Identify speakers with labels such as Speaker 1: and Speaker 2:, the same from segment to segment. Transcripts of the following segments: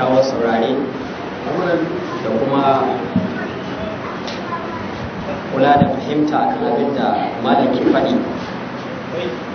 Speaker 1: kyakkyawan saurare da kuma kula da fahimta kan abin da malam ke faɗi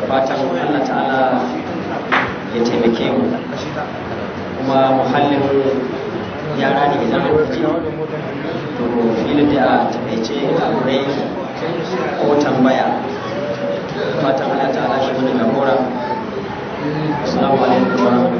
Speaker 1: da fatan Allah ta'ala ya taimake mu kuma muhallin yara ne idan lokaci to filin da a taɓaice a wurai ko tambaya fatan Allah ta'ala shi wani gabora assalamu alaikum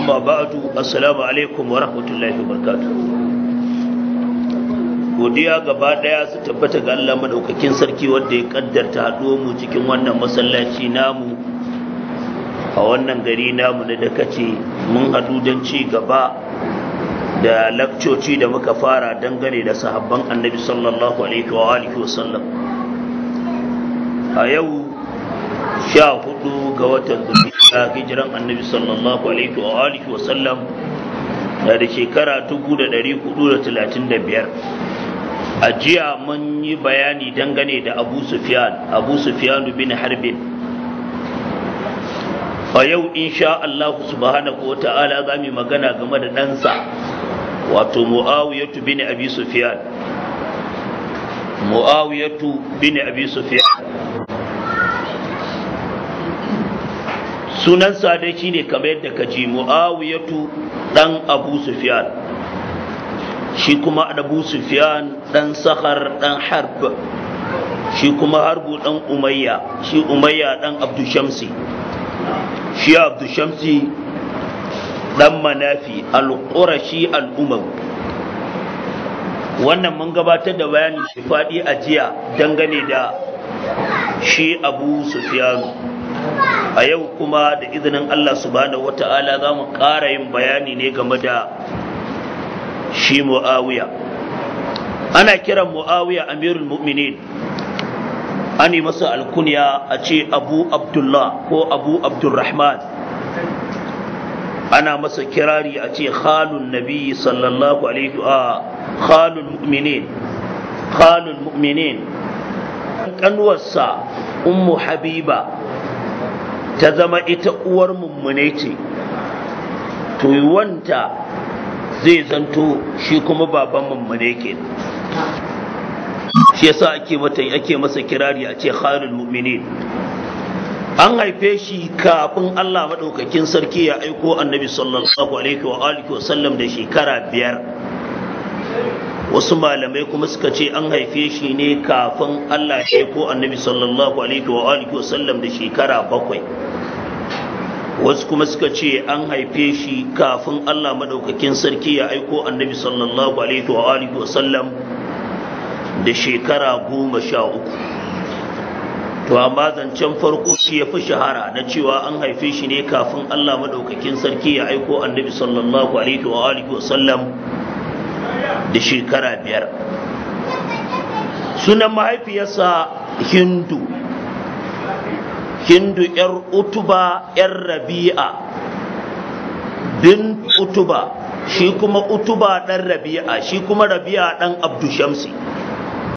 Speaker 2: amma ba'du assalamu alaikum wa rahmatullahi wa godiya gaba daya su tabbata ga Allah madaukakin sarki wanda ya kaddarta haduwar mu cikin wannan masallaci namu a wannan gari namu da ce mun hadu don ci gaba da lakcoci da muka fara dangane da sahabban annabi sallallahu alaihi wa alihi wa sallam a yau sha hudu ga watan zubi a hijiran annabi sallallahu alaihi wa alihi wa sallam na da shekara 1435 a jiya mun yi bayani dangane da abu sufyan abu sufyan bin harbin a yau insha Allah subhanahu wa ta'ala za mu magana game da ɗansa wato mu'awiyatu bin abi Sufiyan. mu'awiyatu bin abi sunan sa dai shine kamar yadda ka ji muawiyatu dan abu sufyan shi kuma abu sufyan dan sahar dan harb shi kuma harbu dan umayya shi umayya dan Abdushamsi. shamsi shi Abdushamsi shamsi dan manafi al-qurashi al-umawi wannan mun gabatar da bayani shi faɗi a jiya dangane da shi abu sufiyanu a yau kuma da izinin Allah subhanahu wata'ala za mu ƙara yin bayani ne game da shi mu'awiya ana kiran mu'awiya amirul mu'minin an yi masa alkunya a ce abu abdullah ko abu abdulrahman ana masa kirari a ce khalun nabi sallallahu alaihi wa khalun mu'minin khalun mu'minin ummu habiba ta zama ita uwar mummune ce to wanta zai zanto shi kuma baban mummune ke shi yasa ake mata ake masa kirari a ce khalil mummune an haife shi kafin Allah maɗaukakin sarki ya aiko annabi sallallahu alaihi wa alihi wa sallam da shekara biyar wasu malamai kuma suka ce an haife shi ne kafin Allah ya ko annabi sallallahu alaihi wa alihi wa sallam da shekara bakwai wasu kuma suka ce an haife shi kafin Allah madaukakin sarki ya aiko annabi sallallahu alaihi wa alihi wa sallam da shekara goma sha uku to amma zancen farko shi ya fi shahara na cewa an haife shi ne kafin Allah madaukakin sarki ya aiko annabi sallallahu alaihi wa alihi wa sallam da shekara biyar sunan mahaifiyarsa hindu hindu yar utuba yar rabi'a bin utuba shi kuma utuba dan rabi'a shi kuma rabi'a dan abdushamsi